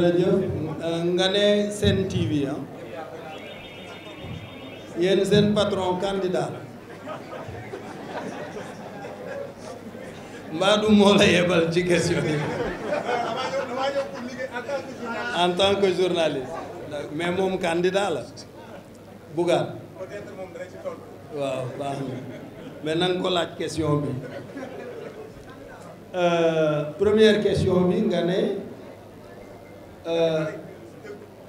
jërëjëf euh, nga ne seen TV ah yéen seen patron candidat mbaadu moo la yebal ci question yi en tant que journaliste mais moom candidat la Bougane waaw baax na mais na nga question bi euh, première question bi nga Euh,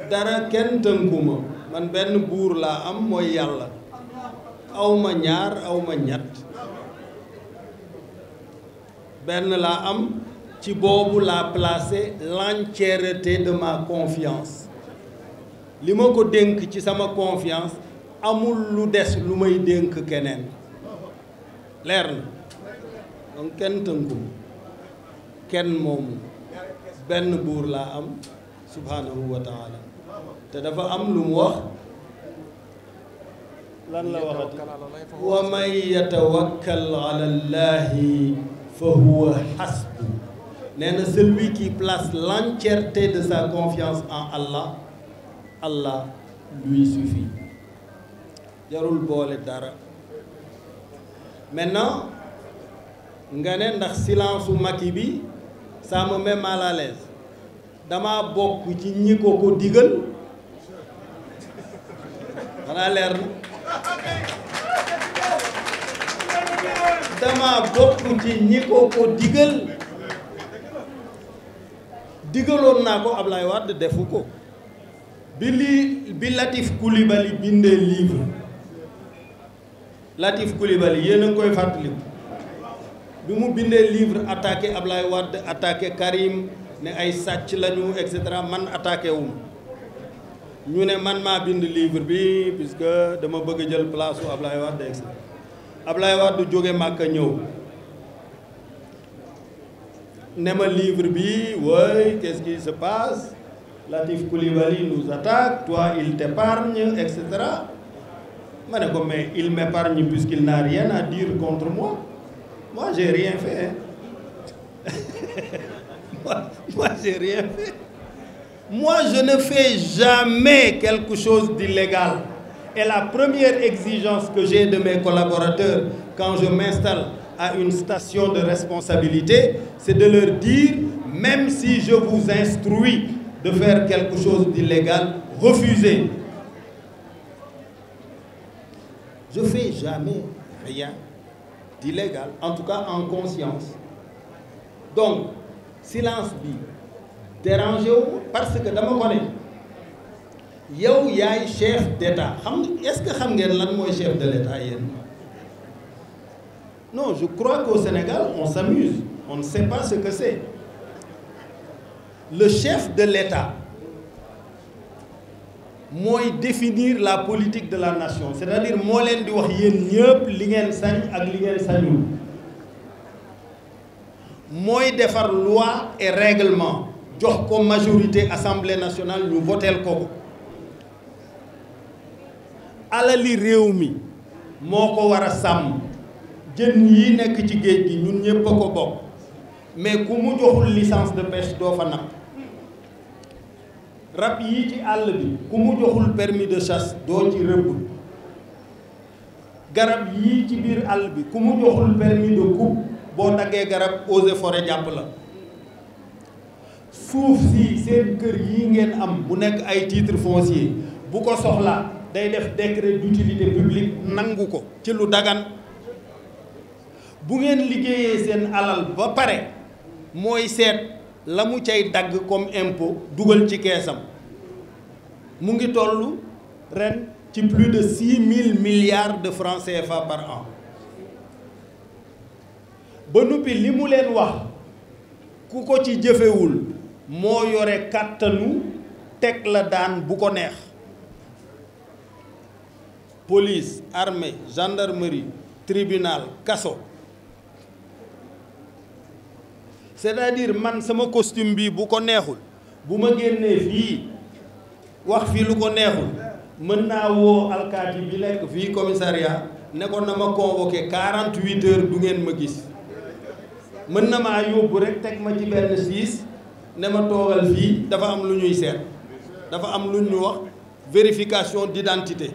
dara kenn tënkuma man ben bour la am moy yalla, awma ñaar awma ñett ben la am ci bobu la placer l'entièreté de ma confiance li ma ko dénk ci sama confiance amul lu dess lu may dénk keneen donc ken tënkum kenn moomu benn la am subhanahu wa taala te dafa am lu mu wax lan la waxati wa man yatawakkal ala llahi fa huwa hasbu nee na celui qui place l'entièreté de sa confiance en Allah Allah lui suffit jarul boole dara maintenant nga ne ndax silence su Macky bi ça me met mal à l'aise dama bokk ci ñi ko ko digal xanaa leer na ko ko digal digaloon defu ko bi lii bi Latif Coulibaly bindee livre Latif Coulibaly yéen a koy fàttaliku bi mu bindee livre attaqué Ablaye Wade attaqué Karim ne ay satch lañu et cetera man attaqué wu ñu ne man m'a bind livre bi puisque dama bëgg jël place su Ablaye wad et cetera Ablaye wad du joggé ñëw ne ma livre bi way qu'est-ce qui se passe Latif Koulibaly nous attaque toi il t'épargne etc. Mais comme mais il m'épargne puisqu'il n'a rien à dire contre moi moi j'ai rien fait hein. Moi, je j'ai rien fait. Moi, je ne fais jamais quelque chose d'illégal. Et la première exigence que j'ai de mes collaborateurs quand je m'installe à une station de responsabilité, c'est de leur dire, même si je vous instruis de faire quelque chose d'illégal, refusez. Je ne fais jamais rien d'illégal, en tout cas en conscience. Donc, silence bi dérangé vous parce que dama ko y yow yaay chef d'état est-ce que xam ngeen lan un chef de l'état non je crois qu'au Sénégal on s'amuse on ne sait pas ce que c'est le chef de l'état doit définir la politique de la nation c'est-à-dire mo len di wax yéen ñëpp li moy defar loi et règlement jox ko majorité assemblée nationale ñu voteel ko alali rewmi moko wara sam jeun yi nek ci géej gi ñun ñëpp ko bok mais ku mu joxul licence de pêche do fa napp rap yi ci àll bi ku mu joxul permis de chasse do ci reub garab yi ci bir àll bi ku mu joxul permis de coupe bon daggee garab eaux et forêt jàpp la suuf si seen kër yi ngeen am bu nek ay titre foncier bu ko soxla day def décret d'utilité publique nangu ko ci lu dagan bu ngeen liggéeyee sen alal ba paré moy seet lamu mu dag comme impôt dougal ci caissam mu ngi toll ren ci plus de 6000 milliards de francs CFA par an ba nuppi li mu leen wax ku ko ci jëfewul moo yore kàttanu teg la daan bu ko neex police armée gendarmerie tribunal kaso c'est-à-dire man sama costume bi bu ko neexul bu ma génnee fii wax fi lu ko neexul mën naa woo alkaati bi nekk fii commissariat ne ko na ma convoqué 48 heures du ngeen ma gis mën na maa yóbbu rek teg ma ci benn siis ne ma toogal fii dafa am lu ñuy seet dafa am lu ñu wax vérification d'identité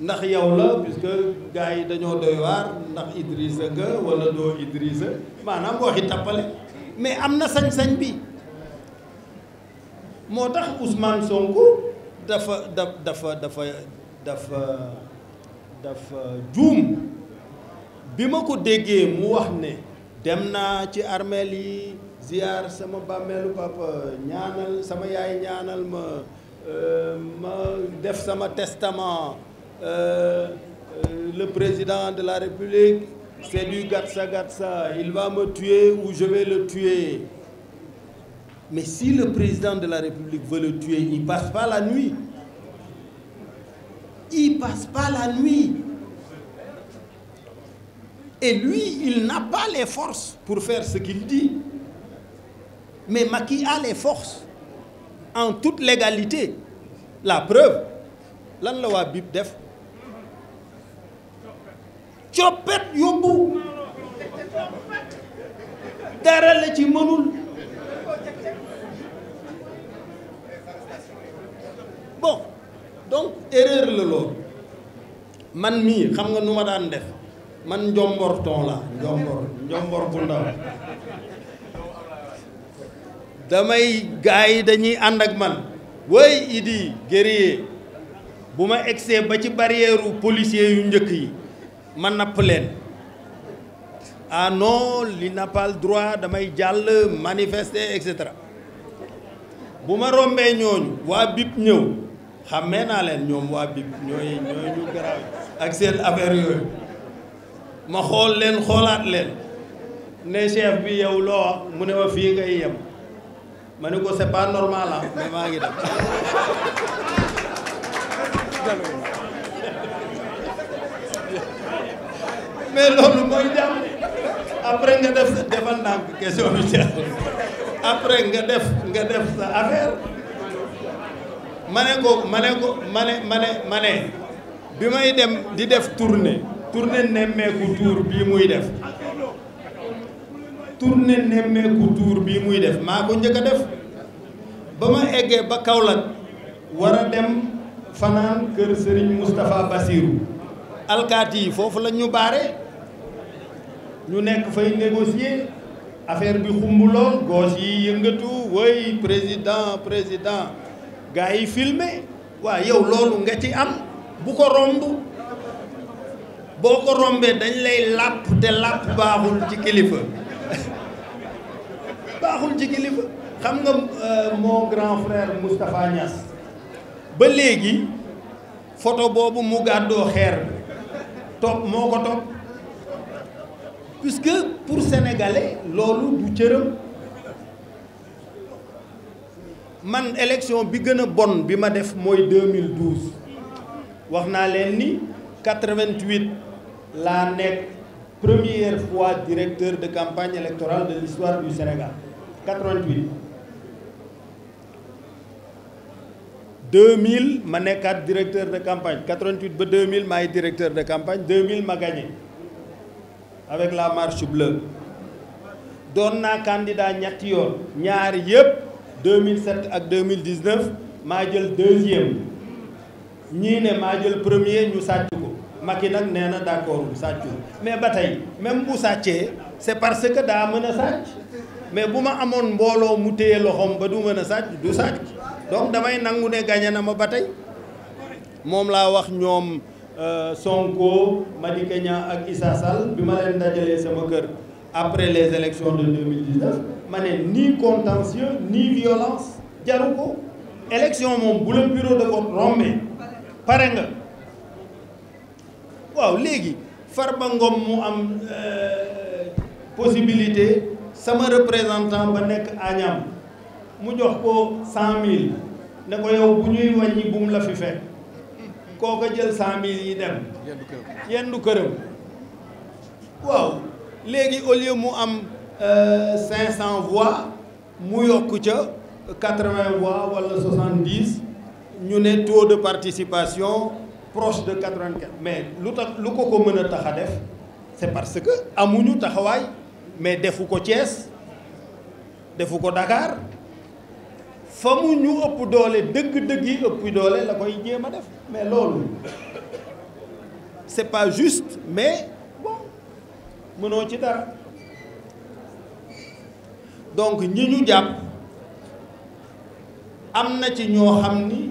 ndax yow la puisque gars yi dañoo doy waar ndax Idrissa nga wala doo Idrissa maanaam waxi tappale mais am na sañ-sañ bi moo tax Ousmane Sonko dafa da dafa dafa dafa dafa juum bi ma ko déggee mu wax ne ziar euh, testament euh, euh, le président de la république c'est du gatsa gatsa il va me tuer ou je vais le tuer mais si le président de la république veut le tuer il passe pas la nuit il passe pas la nuit et lui, il n'a pas les forces pour faire ce qu'il dit. Mais Maki a les forces en toute légalité. La preuve, lan la waa bib def Chopet yóbbu dara ci mënul bon donc erreur le loolu man mi xam nga numa daan def man njombor ton la njombor njombor bu ndaw damay gars dañuy ànd ak man way idi guerrier bu ma egsee ba ci barrière u policier yu njëkk yi ma napp leen ah li n'a droit damay jàll manifester et bu ma rombee ñooñu waa bip ñëw xàmmee naa leen ñoom waa bip ñooy ñooy ñu garaaw ak seen affaire yooyu ma xol len xolat len ne chef bi yow lo wax mu ne ma ngay yam ma ne ko c'est pas normal ma ah, mais ngi dem mais lolu moy jàmm après nga def sa defal ndànk question bi chef après nga def nga def sa affaire ma ne ko ma ne ko ma ne ma ne ma ne dem di def tourner tournée nemmeeku tour bii muy def tournée nemmeeku tour bii muy def maa ko njëkk a def ba ma eggee ba Kaolack war a dem fanaan kër Serigne Moustapha Bassirou alkaati yi foofu la ñu baare ñu nekk fay négocier affaire bi xumb lool gauche yi yëngatu way président président gars yi filmé waa yow loolu nga ci am bu ko romb boo rombe rombee dañ lay làpp te làpp baaxul ci kilifa baaxul ci kilifa xam nga euh, mon grand frère Moustapha Niass ba léegi photo boobu mu gàddoo xeer topp moo ko puisque pour sénégalais loolu du cëram man élection bi gën a bon bi ma def mooy 2012 wax naa ni 88 la première fois directeur de campagne électorale de l'histoire du Sénégal 88 2000 je suis directeur de campagne 88 ba 2000 suis directeur de campagne 2000 ma gagné avec la marche bleue Donna candidat Nyatio. Nyar ñaar 2007 à 2019 suis le deuxième Je suis le premier, premier nous le maki nak nee d'accord d' mais batay même bu sàccee c'est parce que da meuna a sàcc mais bu ma amoon mbooloo mu teye loxom ba du meuna a sàcc du sàcc donc damay nangou ne gañe na ma batay mom la wax ñom eh, Sonko Madické ak isa sal bi ma leen sama kër après les élections de 2019 mané ni contentieux ni violence jaruko élection mom bu le bureau de vote rombé paré nga waaw léegi far Farba Ngom mu am euh, possibilité sama représentant ba nekk Agnam mu jox ko cent mille ne ko yow bu ñuy wàññi buum la fi fekk kooka jël cent mille yi dem yendu këram waaw léegi au lieu mu am euh, cinq cent voix mu yokk ca quatre vingt voix wala soixante-dix ñu ne taux de participation proche de 94... mais qu'est-ce ko c'est parce que amuñu taxawaay mais defu Thiès defu Dakar ëpp a deug deug yi ëpp la koy def mais Ce c'est pas juste mais bon nous ci dara donc nous ñu ci ño xamni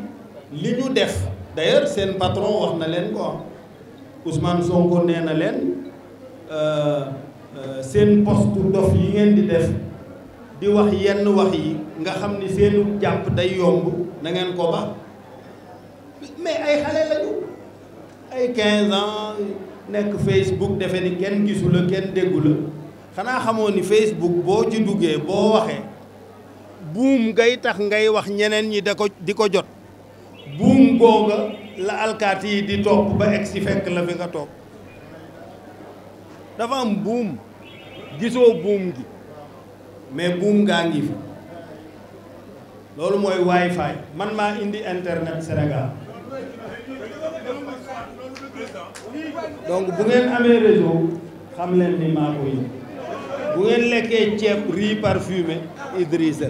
def d'ailleurs seen patron wax na leen ko Ousmane Sonko nee na leen euh, euh, seen poste dof yi ngeen di def di wax yenn wax yi nga xam ni seenu jàpp day yomb na ngeen ko ba mais ay xale lañu ay 15 ans nekk Facebook defe ni kenn gisu la kenn déggu la xanaa xamoo ni Facebook boo ci duggee boo waxee buum ngay tax ngay wax ñeneen ñi da ko di ko jot. buum googa la alkaati yi di topp ba egg si fekk la fi nga toog dafa am buum gisoo buum gi mais buum gaa ngi fi loolu mooy wifi man maa indi internet Sénégal donc bu ngeen amee réseau xam leen ni maa ko bu ngeen lekkee ceeb riz parfumé Idrissa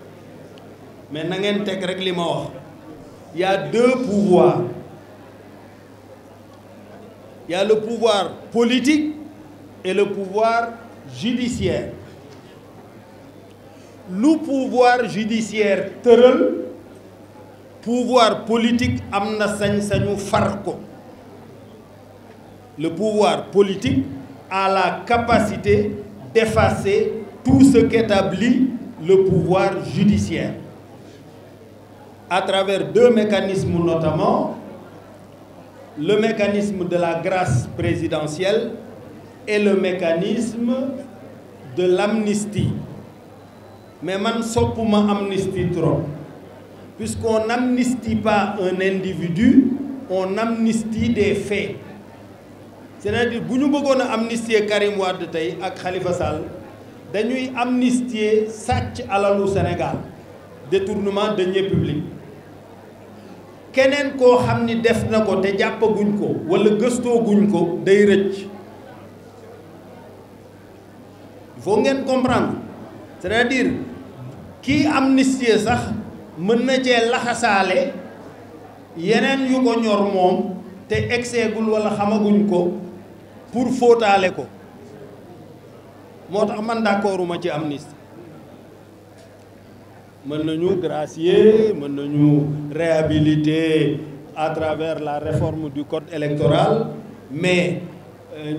mais il y a deux pouvoirs Il y a le pouvoir politique et le pouvoir judiciaire Le pouvoir judiciaire le pouvoir politique le pouvoir politique a la capacité d'effacer tout ce qu'établit le pouvoir judiciaire à travers deux mécanismes notamment, le mécanisme de la grâce présidentielle et le mécanisme de l'amnistie. Mais man si amnistie trop. Puisqu'on n'amnistie pas un individu, on amnistie des faits. C'est-à-dire que si on amnistie amnistier Karim Wade et Khalifa Khalifa Sall dañuy amnistier alalu Sénégal détournement de deniers public. keneen koo xam ni def na ko te jàppaguñ ko wala gëstooguñ ko day rëcc faut ngeen comprendre c'est-à-dire kii amnistie sax mën na cee laxasaale yeneen yu ko ñor moom te egseegul wala xamaguñ ko pour fóotaale ko moo tax man d'accorduma ci amnistie Nous sommes graciés, nous nañu réhabiliter à travers la réforme du code électoral mais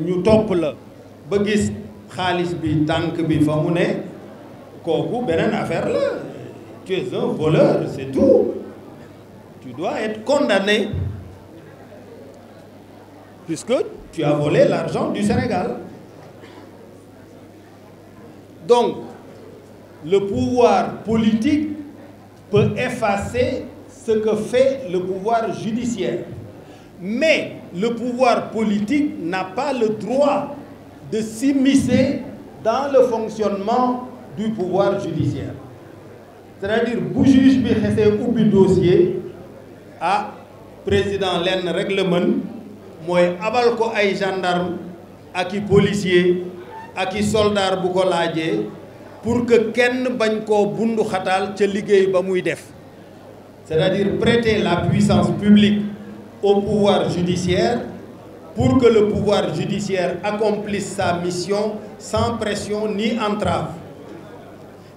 nous euh, topp la ba gis xaalis bi tank bi famune koku benen affaire la tu es un voleur c'est tout tu dois être condamné puisque tu as volé l'argent du Sénégal donc le pouvoir politique peut effacer ce que fait le pouvoir judiciaire. Mais le pouvoir politique n'a pas le droit de s'immiscer dans le fonctionnement du pouvoir judiciaire. C'est-à-dire, vous juge bi ou dossier à ah, président l'en règlement, la ko ay gendarme à policier à qui soldat pour que quelqu'un ne bundu khatal ci liguey c'est-à-dire prêter la puissance publique au pouvoir judiciaire pour que le pouvoir judiciaire accomplisse sa mission sans pression ni entrave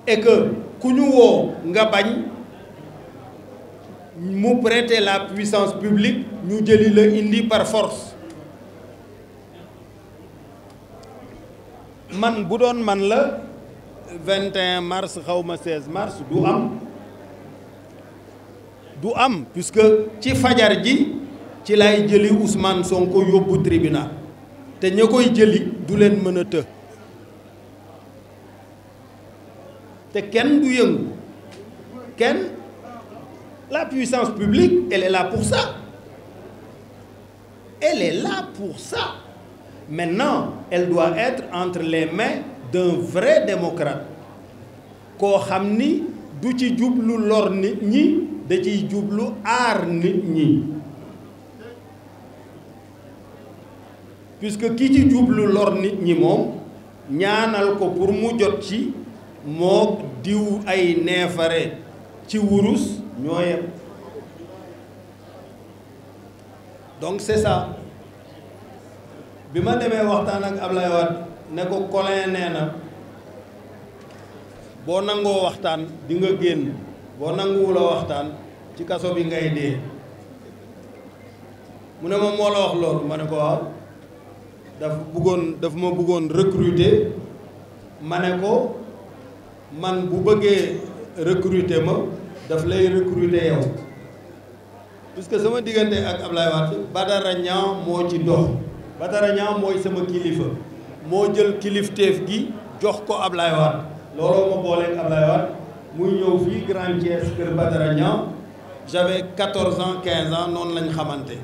et que nous wo prêter la puissance publique ...nous jëli le indi par force man 21 mars 16 mars du am du am puisque ci fajar ji ci lay Ousmane Sonko au tribunal te ña koy jëli du leen mën a te kenn du la puissance publique elle est là pour ça elle est là pour ça maintenant elle doit être entre les mains d'un vrai démocrate qu'on xamni du ci djublu lor nit ñi da ci djublu ar nit ñi puisque ki ci djublu lor nit ñi mom ñaanal ko pour mu jot ci mo diw ay neefare ci wurus ñoo donc c'est ça bi ma demee waxtaan ak Ablaye Wade ne ko Colin nee na boo nangoo waxtaan di nga génn boo nanguwula waxtaan ci kaso bi ngay dee mu ne ma moo la wax loolu ma ne ko waaw dafa bëggoon dafa ma buggoon recruter ma ne ko man bu bëggee recruter ma daf lay recruter yow puisque sama diggante ak Ablaye Wade Badara Niang moo ci dox Badara Niang mooy sama kilifa moo jël kilifteef gi jox ko Ablaye Wade looloo ma booleeg Ablaye Wade muy Grand Thiès kër Badara j'avais 14 ans 15 ans non lañ xamante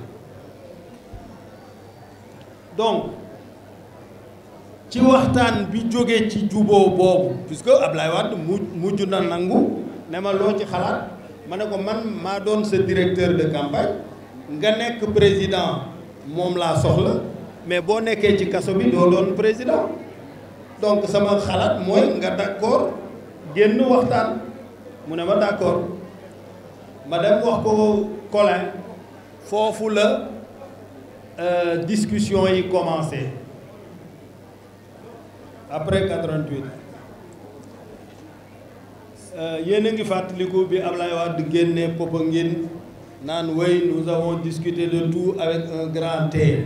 donc ci waxtaan bi jóge ci juboo boobu puisque Ablaye Wade mu mujj na nangu ne ma loo ci xalaat ma ko man maa doon directeur de campagne nga nekk président moom la soxla mais boo nekkee ci kaso bi doo doon président donc sama xalaat mooy nga d'accord génn waxtaan mu ne ma d'accord madame dem wax ko Colin foofu la euh, discussion yi commencé après 88 euh, yéen a ngi fàttaliku bi Ablaye Wade génnee Popenguine nous avons discuté de tout avec un grand thé.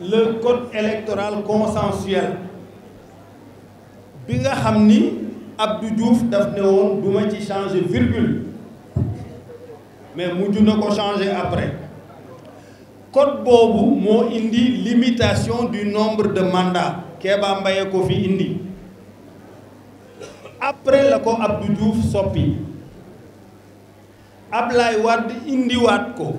le code électoral consensuel bi nga xam Abdou Diouf daf ne woon ci changer virgule mais mujj ne ko changer après code boobu moo indi limitation du nombre de mandats Keba Mbaye ko fi indi après la ko Abdou Diouf soppi Ablaye indi indiwaat ko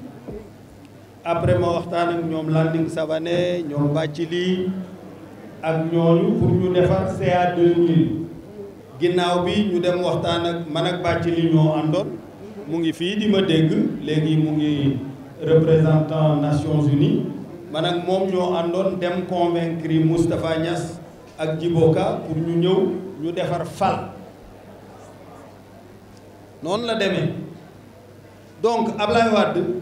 après ma waxtaan ak ñoom Landing Savané ñoom lii ak ñooñu pour ñu defar CA 2000 ginnaaw bi ñu dem waxtaan ak man ak Bathily ñoo àndoon mu ngi fii di ma dégg léegi mu ngi représentant Nations Unies man ak moom ñoo àndoon dem convaincre Moustapha Niass ak Djiboka pour ñu ñëw ñu defar FAL noonu la demee donc Ablaye Wade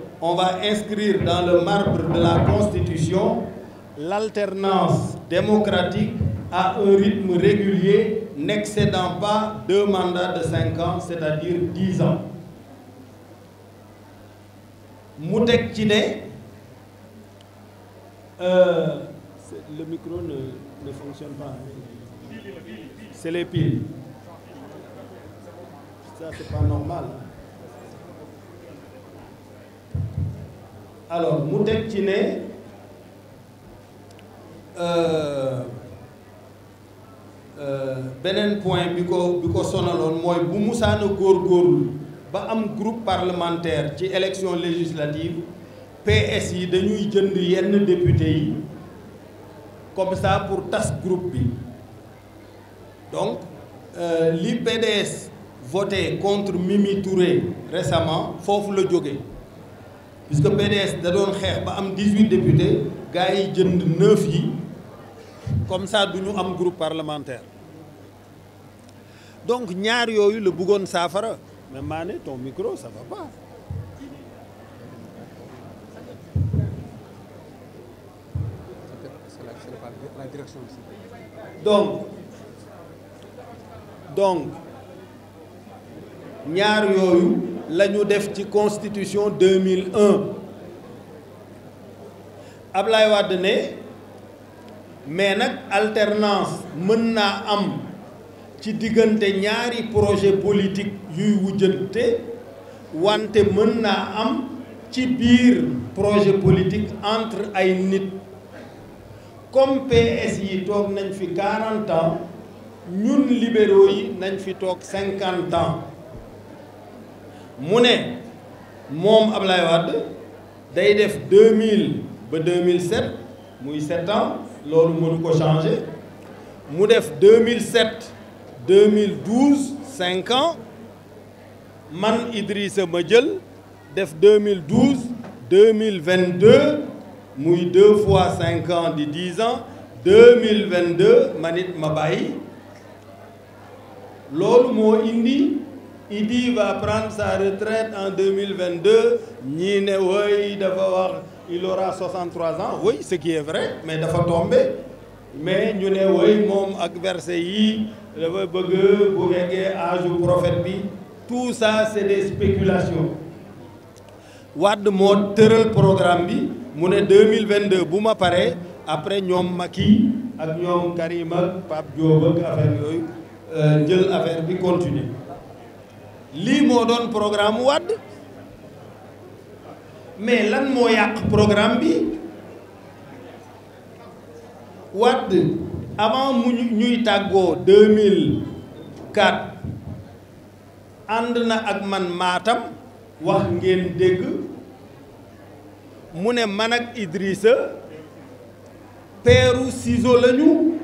on va inscrire dans le marbre de la Constitution l'alternance démocratique à un rythme régulier n'excédant pas deux mandats de cinq ans, c'est-à-dire dix ans. Moutek Chidé, euh, le micro ne, ne fonctionne pas c'est les piles ça c'est pas normal alors mu avons ci euh, euh, beneen point qui est très important, Si mooy bu un am groupe parlementaire ci élection législative PSI, yi dañuy jënd député comme ça pour tas groupe donc euh, l'IPDS PDS voté contre Mimi Touré récemment il faut le dire puisque PDS a doon 18 députés il yi a 9 yi comme ça n'avons pas am groupe parlementaire donc ñaar le le de Safara. mais mané ton micro ça ne va pas. donc donc ñaar yooyu la def ci constitution 2001 Ablaye Wade ne mais nag alternance mën naa am ci diggante ñaari projet politique yuy wujjante wante mën naa am ci biir projet politique entre ay nit comme PS yi a nañ fi 40 ans ñun libéraux yi nañ fi 50 ans mu ne moom Ablaye day def 2000 ba 2007 muy 7 ans loolu mënu ko changer mu def 2007 2012 5 ans man Idrissa ma jël def 2012 2022 muy 2 fois 5 ans di 10 ans 2022 manit ma bàyyi loolu indi. Il qu'il va prendre sa retraite en 2022. il aura 63 ans. Oui, ce qui est vrai, mais il va tomber. Mais nous avons verset prophète. Tout ça, c'est des spéculations. Wad mo le programme bi mu 2022 bu ma après ñom Macky ak ñom Karim ak Pape Diop ak affaire euh jël affaire bi continuer lii moo doon programme Wade mais lan moo yàq programme bi Wade avant mu ñuy tàggoo 2004 ànd na ak man Matam wax ngeen dégg mu ne man ak Idrissa peeru ciseau lañu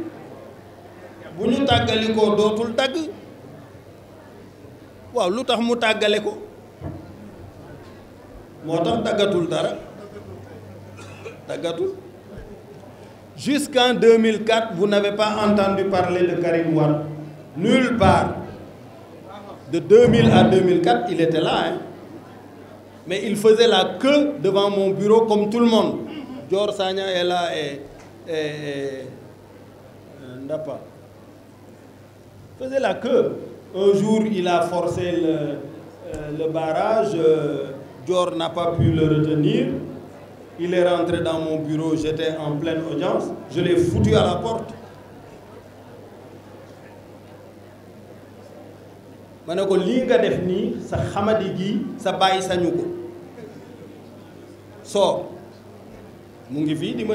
bu ñu tàggalikoo dootul dagg jusqu'en 2004 vous n'avez pas entendu parler de Karim Wan. nulle part de 2000 à 2004 il était là hein. mais il faisait la queue devant mon bureau comme tout le monde Dior Sanya, est là et, et, euh, faisait la queue un jour, il a forcé le, euh, barrage. Euh, Dior n'a pas pu le retenir. Il est rentré dans mon bureau, j'étais en pleine audience. Je l'ai foutu à la porte. Je ne nga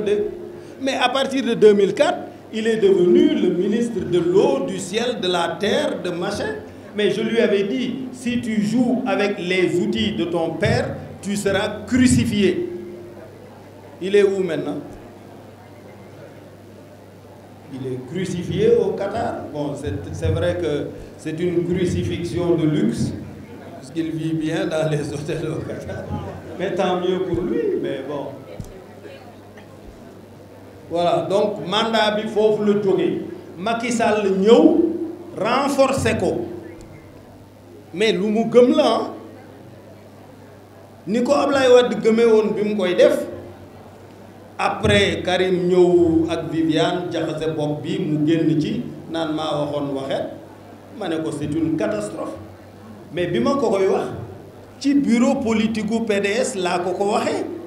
def mais à partir de 2004 il est devenu le ministre de l'eau, du ciel, de la terre, de machin. Mais je lui avais dit, si tu joues avec les outils de ton père, tu seras crucifié. Il est où maintenant Il est crucifié au Qatar. Bon, c'est vrai que c'est une crucifixion de luxe, parce qu'il vit bien dans les hôtels au Qatar. Mais tant mieux pour lui, mais bon voilà donc mandat bi fofu le jógee Macky Sall ñew renforcer ko mais lu mu gëm la Niko ko Ablaye Wade gëmee woon bi mu koy def après Karim ñew ak Viviane jaxase bopp bi mu génn ci nan ma waxoon waxet ma ko c'est une catastrophe mais bima ko koy wax ci bureau politique du PDS la ko ko waxee.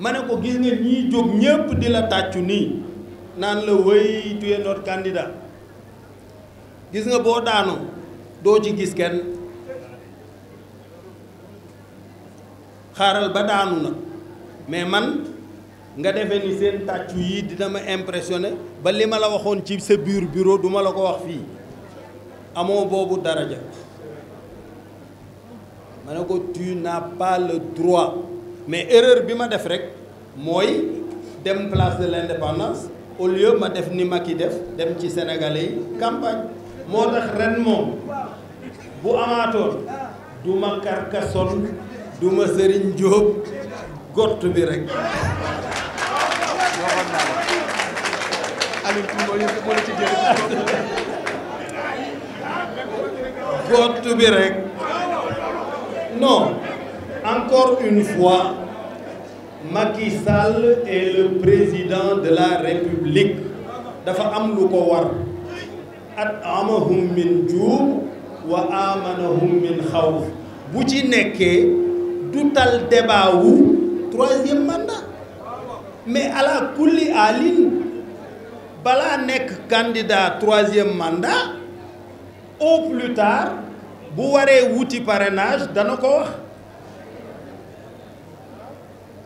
ma ne ko gis nga ñiy jóg ñépp di la tàccu ni naan la wéy tu es notre gis nga boo daanu doo ci gis kenn xaaral ba daanu na mais man nga defee ni seen tàccu yi dina ma impressionné ba li ma la waxoon ci sa biir bureau duma la ko wax fii amoo boobu daraja ma ne ko tu n'as pas droit mais erreur bi ma def rek dem place de l'indépendance au lieu ma def ni def dem ci sénégalais campagne moo tax ren moom bu amaatoon Carcassonne du ma Serigne Got gott rek non encore une fois, Macky Sall est le président de la République dafa am lu ko war at'amahum min joub wa amanahum min khawf. bu ci nekkee du tal débat wu troisième mandat mais ala kulli alin bala nek candidat troisième mandat au plus tard bu waré wuti parrainage danako wax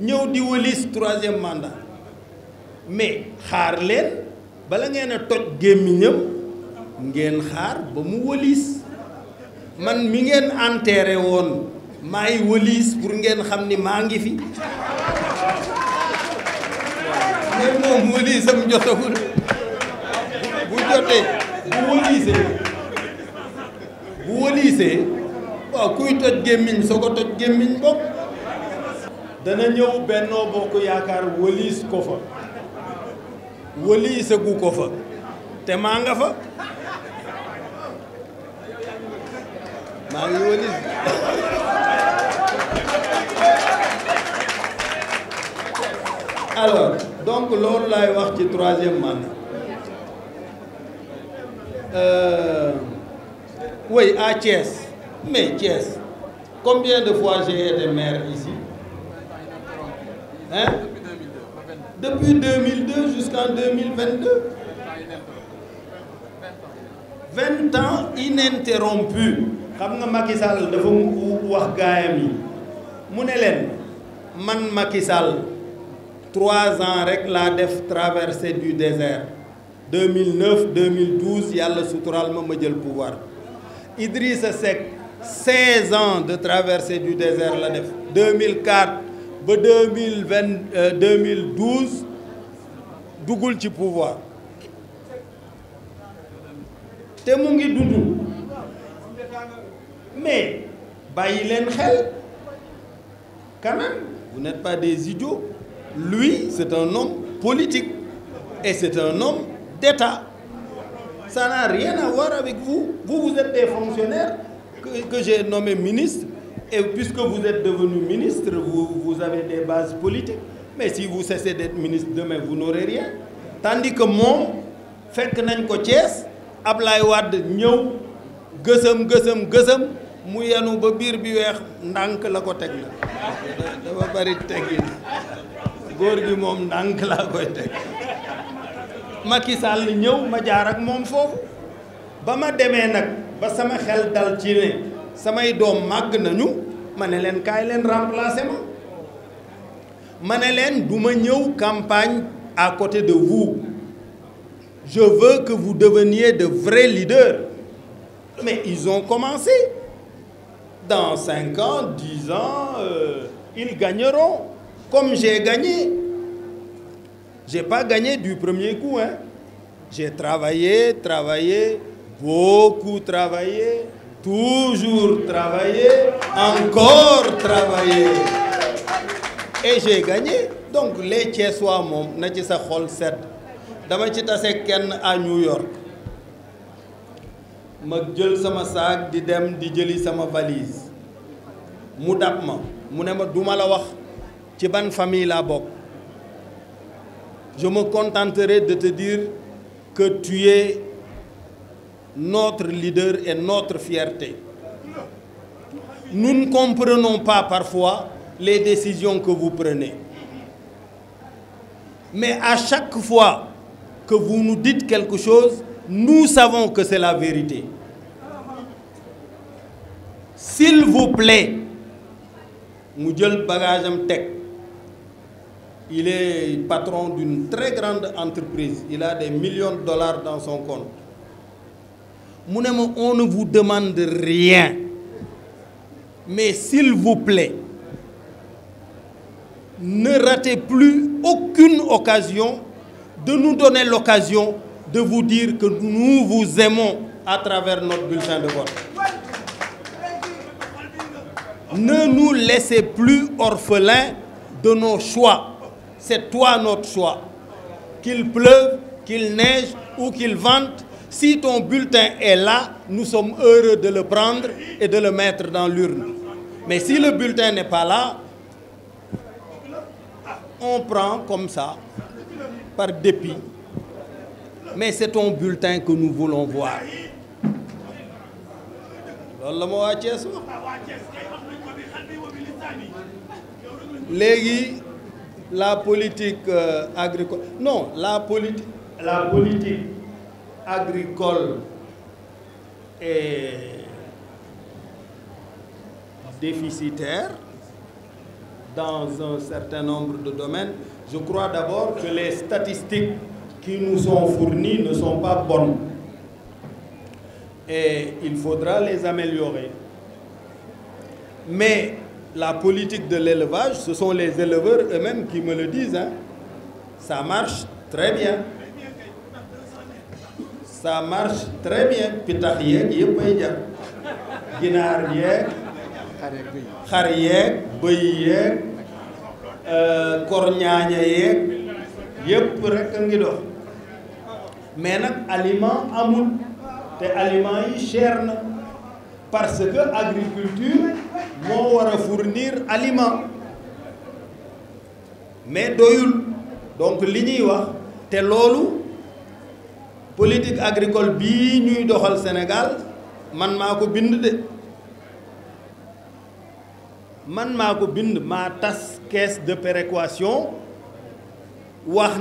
ñëw di wëlis troisième mandat mais xaar leen bala ngeen a toj gémmiñam ngeen xaar ba mu wëlis man mi ngeen enterré woon maay wëlis pour ngeen xam ni maa ngi fi mais moom wëlisam jotagul bu jotee bu wëlisee bu wëlisee waaw kuy toj gémmiñ soo ko toj gémmiñ bopp dana ñëw bennoo bokk yaakaar wëliis ko fa gu ko fa te maa nga fa maa ngi wëliis alors donc loolu laay wax ci troisième mandat euh, oui à Thiès mais Thiès combien de fois j'ai été maire ici Hein? Depuis 2002 jusqu'en 2022. 20 ans ininterrompus. xam nga Macky Sall dafa wax yi man Macky trois ans rek laa def traversée du désert 2009 2012 yàlla a ma ma le pouvoir Idriss, Seck 16 ans de traversée du désert la 2004 ba 2012, il vingt euh, ci pouvoir mais il xel quand même vous n'êtes pas des idiots lui c'est un homme politique et c'est un homme d'État ça n'a rien à voir avec vous vous vous êtes des fonctionnaires que, j'ai nommé ministres. Et puisque vous êtes devenu ministre, vous, vous avez des bases politiques. Mais si vous cessez d'être ministre demain, vous n'aurez rien. Tandis que mon, fait que ko Thiès Ablaye Wad ñëw geusam geusam geusam mu yanu ba bir bi wex ndank la ko tegg la dafa bari teggin gor gi mom ndank la koy tegg Macky Sall ma jaar ak mom fofu ba ma demee ba sama xel dal ci ne samay ma kailen remplacer ma campagne à côté de vous je veux que vous deveniez de vrais leaders mais ils ont commencé dans 5 ans 10 ans euh, ils gagneront comme j'ai gagné j'ai pas gagné du premier coup hein j'ai travaillé travaillé beaucoup travaillé Toujours travailler, encore travailler. Et j'ai gagné. Donc les soient mon, na ci sa dama ci à New York ma jël sama sac, di dem di jëli sama valise mu dab ma mu ne ma duma la famille je me contenterai de te dire que tu es notre leader et notre fierté. Nous ne comprenons pas parfois les décisions que vous prenez. Mais à chaque fois que vous nous dites quelque chose, nous savons que c'est la vérité. S'il vous plaît, Moudjel Bagajam Tech, il est patron d'une très grande entreprise. Il a des millions de dollars dans son compte on ne vous demande rien mais s'il vous plaît ne ratez plus aucune occasion de nous donner l'occasion de vous dire que nous vous aimons à travers notre bulletin de vote. Ne nous laissez plus orphelins de nos choix. C'est toi notre choix. Qu'il pleuve, qu'il neige ou qu'il vente, si ton bulletin est là, nous sommes heureux de le prendre et de le mettre dans l'urne. Mais si le bulletin n'est pas là, on prend comme ça, par dépit. Mais c'est ton bulletin que nous voulons voir. la politique euh, agricole... Non, la politique... La politique agricole est déficitaire dans un certain nombre de domaines. Je crois d'abord que les statistiques qui nous sont fournies ne sont pas bonnes. Et il faudra les améliorer. Mais la politique de l'élevage, ce sont les éleveurs eux-mêmes qui me le disent. Hein. Ça marche très bien ça marche très bien pitax yeeg yëpp ay jag ginaar yeeg xar yeeg bëy yeeg euh, korñaaña yeeg yëpp rek ngi dox mais nak aliment amul te aliment yi cher na parce que agriculture moo war fournir aliments. mais doyul donc li ñuy wax te loolu politique agricole bi de sénégal man mako bind de man ma tasse de péréquation wax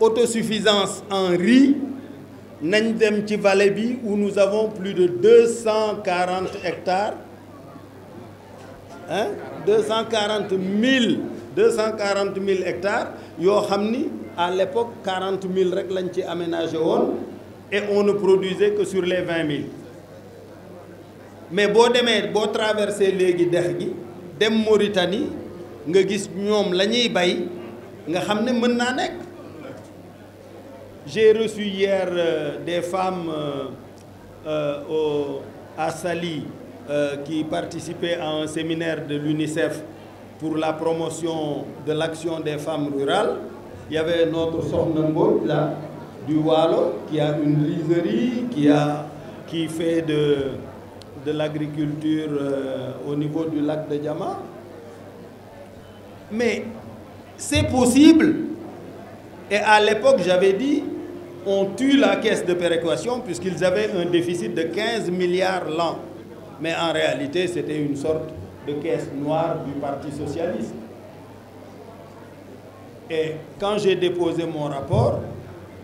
autosuffisance en riz nañ dem où nous avons plus de 240 hectares 240 000 240 hectares yo à l'époque 40 000 rek lañ et on ne produisait que sur les 20 000 mais si on traverse les léegi des dem Mauritanie nga gis ne j'ai reçu hier euh, des femmes euh, euh, à Sali qui participaient à un séminaire de l'UNICEF pour la promotion de l'action des femmes rurales il y avait notre Sornambol, là, du Wallo, qui a une liserie, qui, a, qui fait de, de l'agriculture euh, au niveau du lac de Diamant. Mais c'est possible. Et à l'époque, j'avais dit, on tue la caisse de péréquation puisqu'ils avaient un déficit de 15 milliards l'an. Mais en réalité, c'était une sorte de caisse noire du Parti socialiste. Et quand j'ai déposé mon rapport,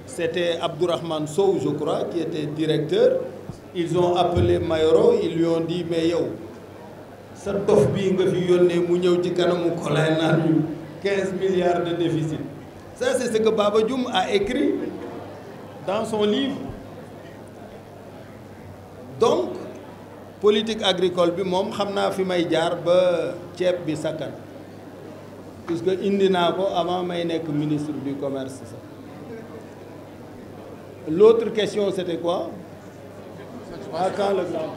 c'était Abdourahman Sow, je crois, qui était directeur. Ils ont appelé Mayoro, ils lui ont dit Mais yo, sa dof 15 milliards de déficit. Ça c'est ce que Baba a écrit dans son livre. Donc politique agricole je sais que suis en puisque Indina, avant ko avant may que ministre du commerce l'autre question c'était quoi à quand le grand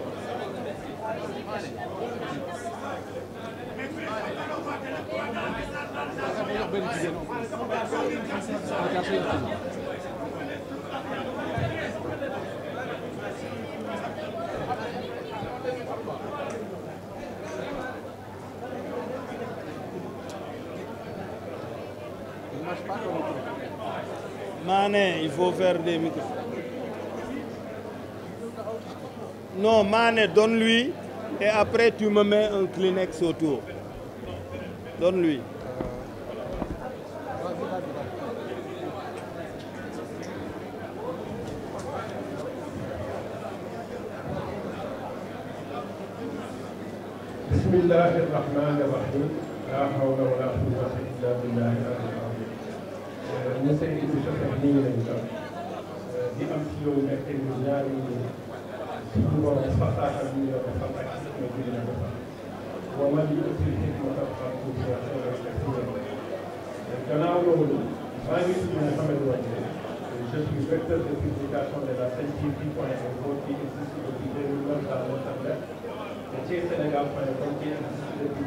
Mané, il faut faire des micros. Non, Mané, donne-lui et après tu me mets un Kleenex autour. Donne-lui. nii lañ doon euh, di am ci yow nekk ñaari suñu borom fattaaxal ñu yor fattaax ñu dina ko fa wa man yu'til hikmata faqad utiya khayran kathiran gannaaw loolu maa ngi tudd Mouhamed Wade je suis vecteur de publication de la Senctv.info qui existe depuis 2020 dans l'internet et Thiessénégal.com qui existe depuis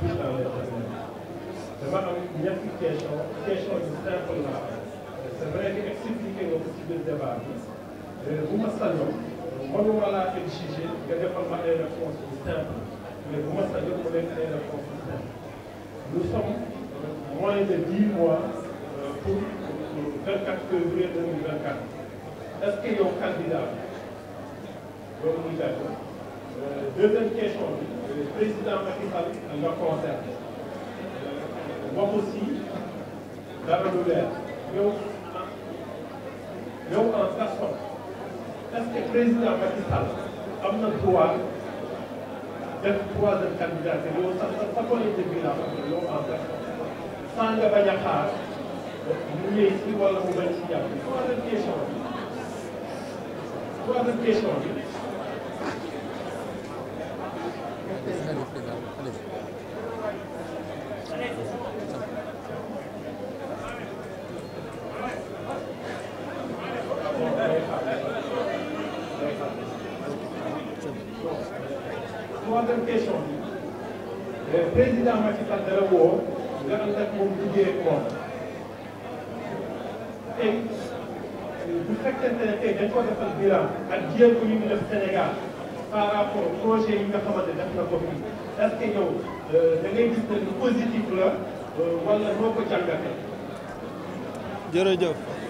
2018 dans l'internet dama am ñetti question question yu simple la c'est vrai que expliqué nga ko ci débat bi hein. bu euh, ma sañoon mënuma laa exiger nga defal simple mais vous ma sañoon mu nekk ay réponses yu simple nous sommes moins de 10 mois euh, pour le 24 février 2024 est-ce qu'il y candidat un candidat benn euh, deuxième question Le président Macky Sall nga concerné moi aussi dara lu leer yow. ñëw en personne parce que président Macky Sall am na droit def troisième candidature yow sa sa collègue de bilan ñëw en personne sans nga bañ a xaar mu ñëw si wala mu bañ si jàpp troisième question président Macky Sall dara woo nga ànd ak moom liggéey ak moom tey bu fekkente ne tey dañ ko defal bilan ak jéego yi mu def Sénégal par rapport projet yi nga xamante def na ko fi est-ce que yow euh, la euh, wala noo ko jàngatee. jërëjëf.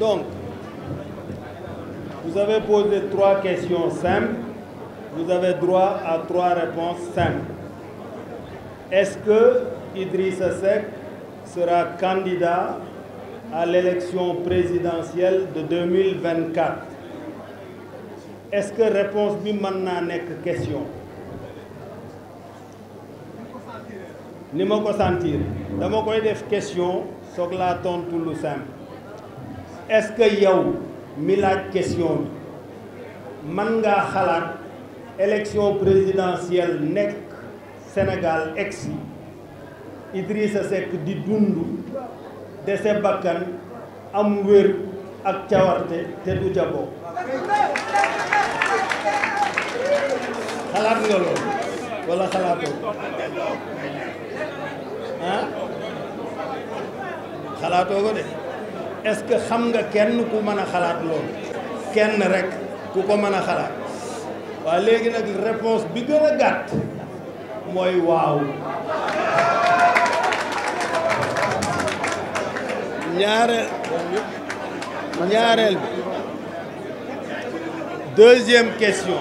Donc, vous avez posé trois questions simples. Vous avez droit à trois réponses simples. Est-ce que Idriss Seck sera candidat à l'élection présidentielle de 2024 Est-ce que réponse bi maintenant question ni ma ko sentir vous koy def question la est-ce que yow mi une question Manga élection présidentielle Sénégal EXI, Idrissa di dund dese bakkan am ak du ah xalaatoo de est-ce que xam nga kenn ku mën khalat xalaat loolu kenn rek ku ko mën khalat? Wa waaw léegi nag réponse bi gën Moi gàtt mooy waaw bi deuxième question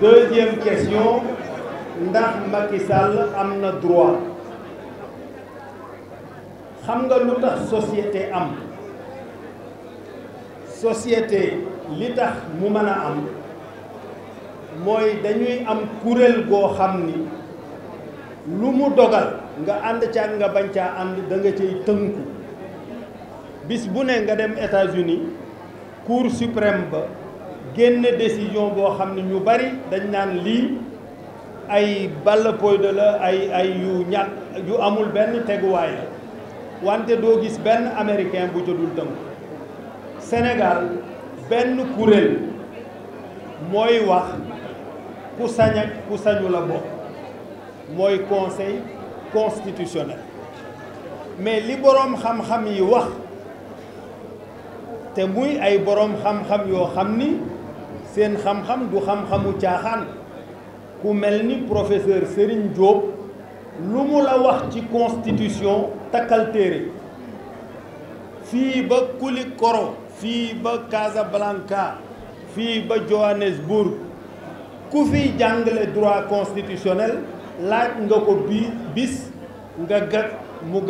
deuxième question ndax Macky Sall am na droit xam nga lu société am société li tax mu mën am mooy dañuy am kuréel goo xam ni lu mu dogal nga ànd ca nga bañ caa ànd da nga cay tënku bis bu ne nga dem États-Unis cour suprême ba génn décision boo xam ñu bari dañ naan lii ay ball poy de la ay ay yu ñàkk yu amul benn teguwaay la wante doo gis benn américain bu ca dul senegal Sénégal benn kuréel mooy wax ku sañ ku sañu la bokk mooy conseil constitutionnel mais li boroom xam-xam yi wax te muy ay boroom xam-xam yoo xam ni seen xam-xam du xam-xamu caaxaan ku le professeur Serigne Diop lu la wax ci constitution takkal téere fii ba Koulikoro fii ba Casablanca fii Johannesburg ku fi jàngale droit constitutionnel constitutionnels, nga ko qu'il bis nga gàtt mu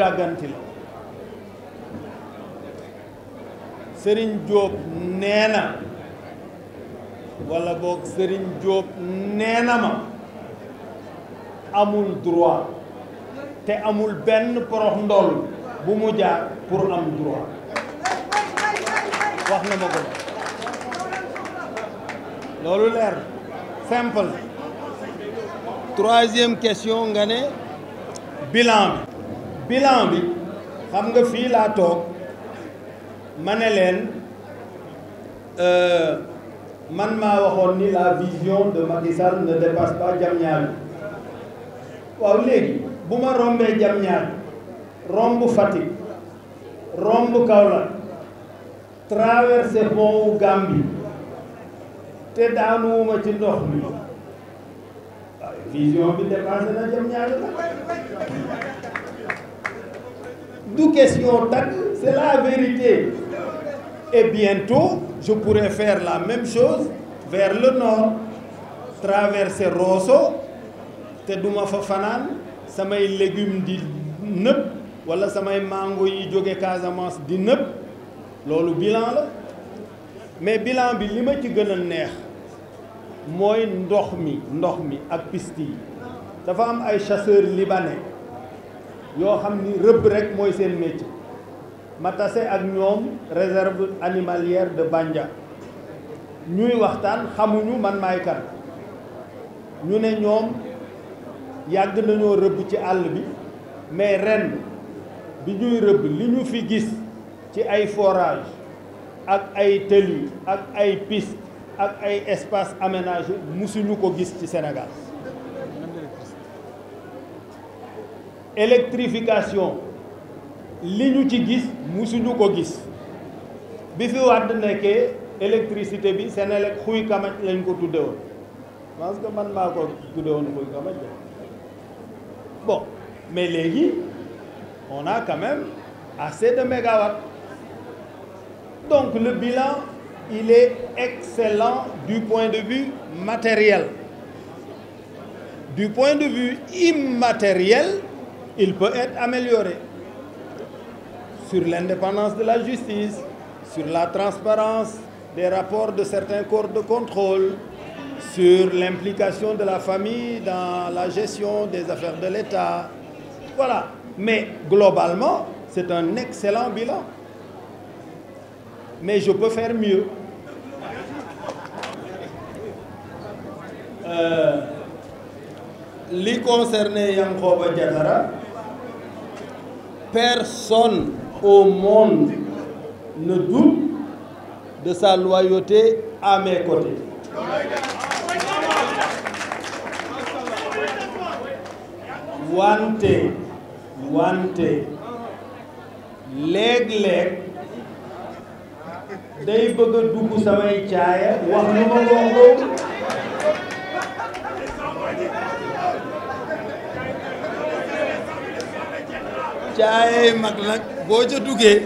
Serigne Diop wala boog sëriñ Jóob nee ma amul droit te amul benn porox ndool bu mu jaar pour am droit wax na ma ko loolu leer simple troisième question nga ne bilan bi bilan bi xam nga fii laa toog ma ne leen euh, man m'a pas la vision de Macky ne dépasse pas Diamniadio waaw légui buma rombé Diamniadio rombu Fatick rombu Kaolack traversé pont Gambie te dans ci vision bi dépasse na Diamniadio du question c'est la vérité et bientôt je pourrais faire la même chose vers le nord traverser Rosso te duma fa fanaan samay légumes di neub wala samay mango yi Casamance di bilan la mais bilan bi qui ci gën neex moy ndox mi ndox mi chasseurs libanais métier ma ak ñoom réserve animalière de Bandia ñuy waxtaan xamuñu man may kan ñu ne ñoom yag nañu reub ci all bi mais ren bi ñuy reub li ñu fi gis ci ay forage ak ay tëli ak ay piste ak ay espace aménagé musuñu ko gis ci Sénégal électrification li ñu ci gis musuñu ko gis bi fi wàdd nekkee électricité bi Senelec xuy kamaj lañ ko tudde woon parce que man maa ko tudde woon xuy kamaj bon mais léegi on a quand même assez de mégawatts donc le bilan il est excellent du point de vue matériel du point de vue immatériel il peut être amélioré sur l'indépendance de la justice, sur la transparence des rapports de certains corps de contrôle, sur l'implication de la famille dans la gestion des affaires de l'État. Voilà. Mais globalement, c'est un excellent bilan. Mais je peux faire mieux. Euh, les concernés Yankoba personne au monde ne doute de sa loyauté à mes côtés. wante wante léeg-léeg day bëgg a dugg samay caaya wax lu ma ko caaye mag nag boo ca duggee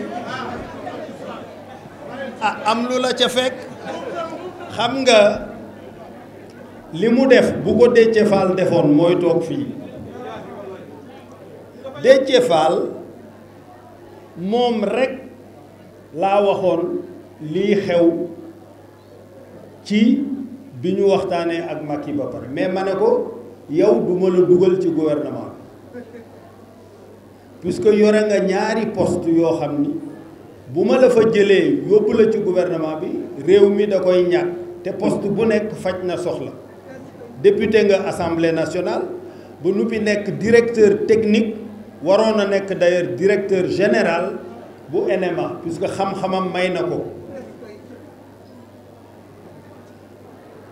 a am lu la ca fekk xam nga li mu def bu ko Déthié Fall defoon mooy toog fii Déthié Fall moom rekk laa waxoon lii xew ci bi ñu waxtaanee ak Macky ba pare mais ma ne ko yow duma la dugal ci gouvernement puisque yore nga ñaari poste yoo xam ni bu ma la fa jëlee yóbbu la ci gouvernement bi réew mi da koy ñàkk te poste bu nekk faj na soxla député nga assemblée nationale ba nuppi nekk directeur technique waroon a nekk d'ailleurs directeur général bu NMA puisque xam-xamam may na ko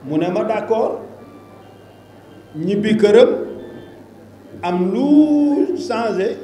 mu ne ma d'accord ñibbi këram am lu changé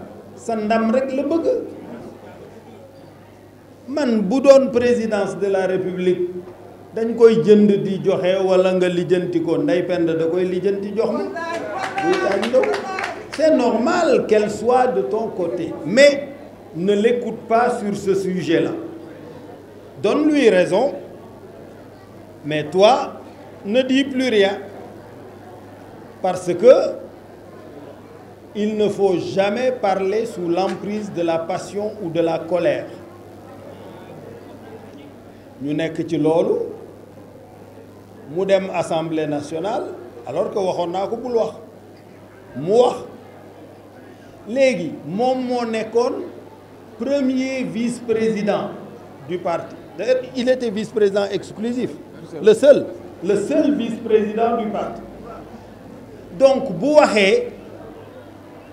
sa ndam rek le bëgg man bu doon présidence de la république dañ koy jënd di joxe wala nga lijjanti ko nday pend da koy lijjanti jox ma c'est normal qu'elle soit de ton côté mais ne l'écoute pas sur ce sujet-là donne-lui raison mais toi ne dis plus rien parce que il ne faut jamais parler sous l'emprise de la passion ou de la colère Nous sommes ci lolu mu dem assemblée nationale alors que nous avons bul wax mu wax premier vice-président du parti il était vice-président exclusif le seul le seul vice-président du parti donc bu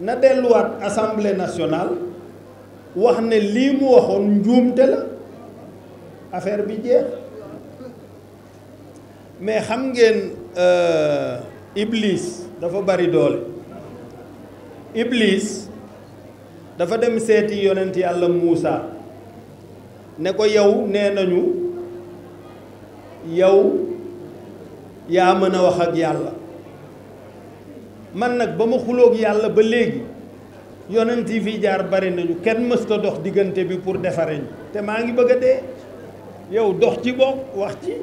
na delluwaat assemblée nationale wax ne lii mu waxoon njuumte la affaire bi jeex mais xam ngeen euh, Iblis dafa bari doole Iblis dafa dem seeti yonent yàlla Muusa ne ko yow nee nañu yow yaa mën a wax ak yàlla man nak ba ma xuloog yàlla ba legi yonenti fi jaar bari nañu ken mësta dox digënté bi pour defare té te ngi bëgg dé yow dox ci bok wax ci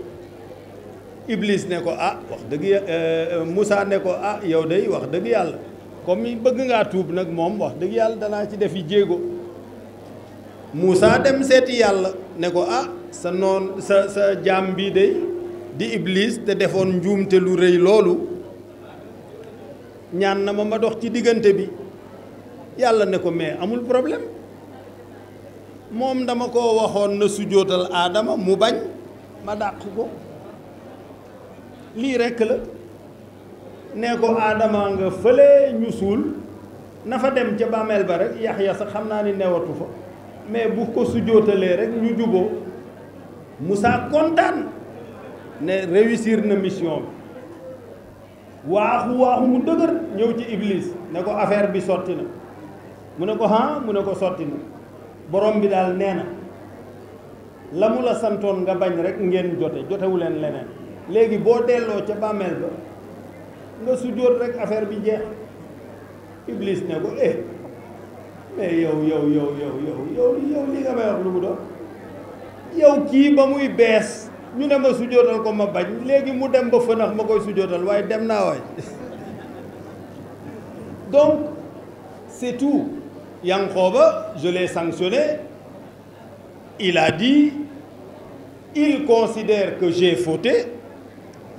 Iblis ne ko ah wax Musa ya-, euh, euh, Moussa ne ko ah yow day wax deug yalla comme bëgg nga tuub nak mom wax deug yalla dana ci defi jéego Moussa dem séti yalla ne ko ah sa non sa sa bi di Iblis te defoon njuumte lu reuy lolu ñaan na ma ma dox ci diggante bi yàlla ne ko mais amul problème moom dama ko waxoon na sujootal aadama mu bañ ma dàq ko lii rekk la ne ko aadama nga fële ñu suul na fa dem ca bàmmeel ba rek yaxya sax xam naa ni newatu fa mais bu ko sujootalee rek ñu juboo Moussa kontaan ne réussir na mission bi waaxu waaxu mu dëgër ñëw ci iblis ne ko affaire bi sotti na mu ne ko ah mu ne ko sotti na borom bi daal nee na la mu la santoon nga bañ rek ngeen jote jotewu leen leneen léegi boo delloo ca bàmmeel ba nga sujjóot rek affaire bi jeex iblis ne ko eh mais yow yow yow yow yow yow yow li nga may wax lu yow kii ba muy bees donc c'est tout Yankhoba je l'ai sanctionné il a dit il considère que j'ai fauté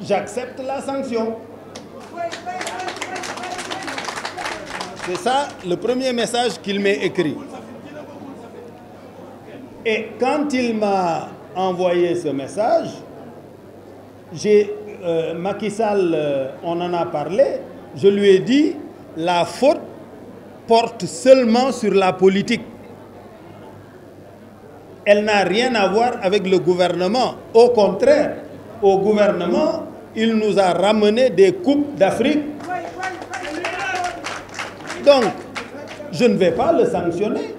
j'accepte la sanction c'est ça le premier message qu'il m'a écrit et quand il m'a envoyé ce message. J'ai euh, euh, on en a parlé. Je lui ai dit la faute porte seulement sur la politique. Elle n'a rien à voir avec le gouvernement. Au contraire, au gouvernement, il nous a ramené des coupes d'Afrique. Donc, je ne vais pas le sanctionner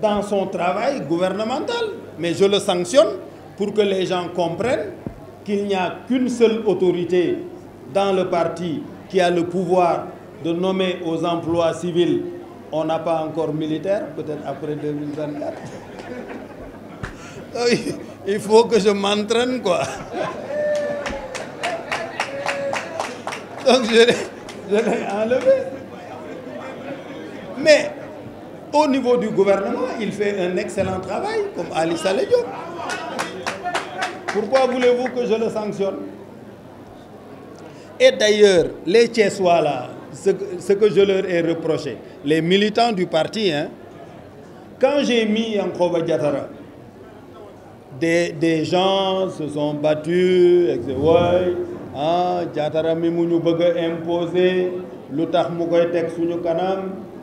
dans son travail gouvernemental mais je le sanctionne pour que les gens comprennent qu'il n'y a qu'une seule autorité dans le parti qui a le pouvoir de nommer aux emplois civils. On n'a pas encore militaire, peut-être après 2024. Il faut que je m'entraîne, quoi. Donc je l'ai enlevé. Mais au niveau du gouvernement, il fait un excellent travail, comme Ali Saleh Pourquoi voulez-vous que je le sanctionne Et d'ailleurs, les Tchessois, là, ce, que je leur ai reproché, les militants du parti, hein, quand j'ai mis en Diatara, des, des, gens se sont battus, et hein, ah, Diatara mi ñu imposer lu tax mu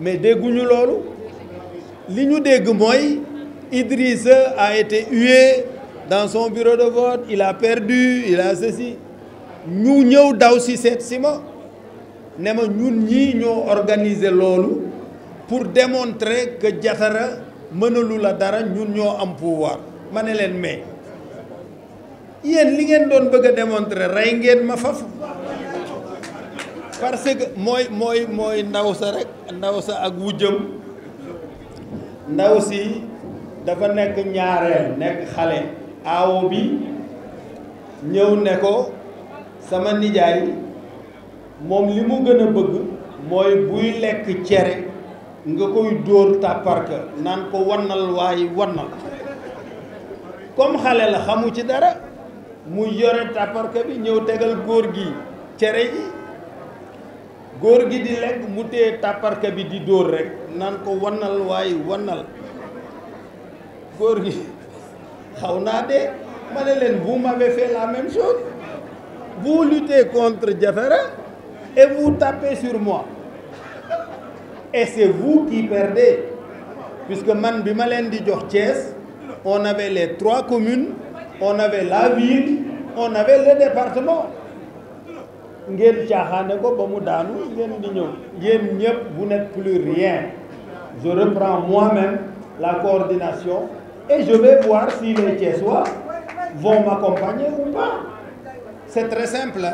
mais dégguñu lolo, li ñu dégg Idrissa a été hué dans son bureau de vote il a perdu il a ceci ñu ñëw daw si seet si ma ñun ñoo pour démontrer que Diattara mënalu la dara ñun ñoo am pouvoir ma ne leen mais li ngeen doon bëgg démontrer rien ngeen ma femme. parce que mooy mooy mooy ndaw sa rek ndaw sa ak wujjam ndaw si dafa nekk ñaareel nekk xale awo bi ñëw ne ko sama nijaay moom li mu gën a bëgg mooy buy lekk cere nga koy dóor tàpparka naan ko wannal waaye wannal comme xale la xamu ci dara mu yore tàpparka bi ñëw tegal góor gi cere yi Gorgi gi di leg muté di dóor rek nan ko wonal waaye vous m'avez fait la même chose vous luttez contre Jaffara et vous tapez sur moi et c'est vous qui perdez puisque man bima len di jox on avait les trois communes on avait la ville on avait le département vous n'êtes plus rien je reprends moi-même la coordination et je vais voir si les Thiessois vont m'accompagner ou pas c'est très simple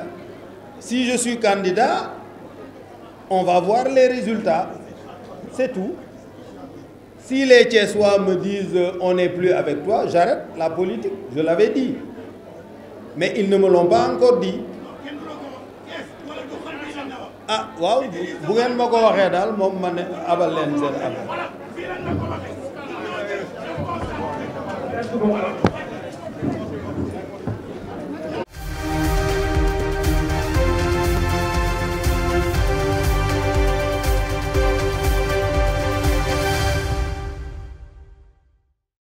si je suis candidat on va voir les résultats c'est tout si les Tchessois me disent on n'est plus avec toi j'arrête la politique je l'avais dit mais ils ne me l'ont pas encore dit a ah, waaw bu ngeen ma ko waxee daal moom ma ne abal leen seen affaire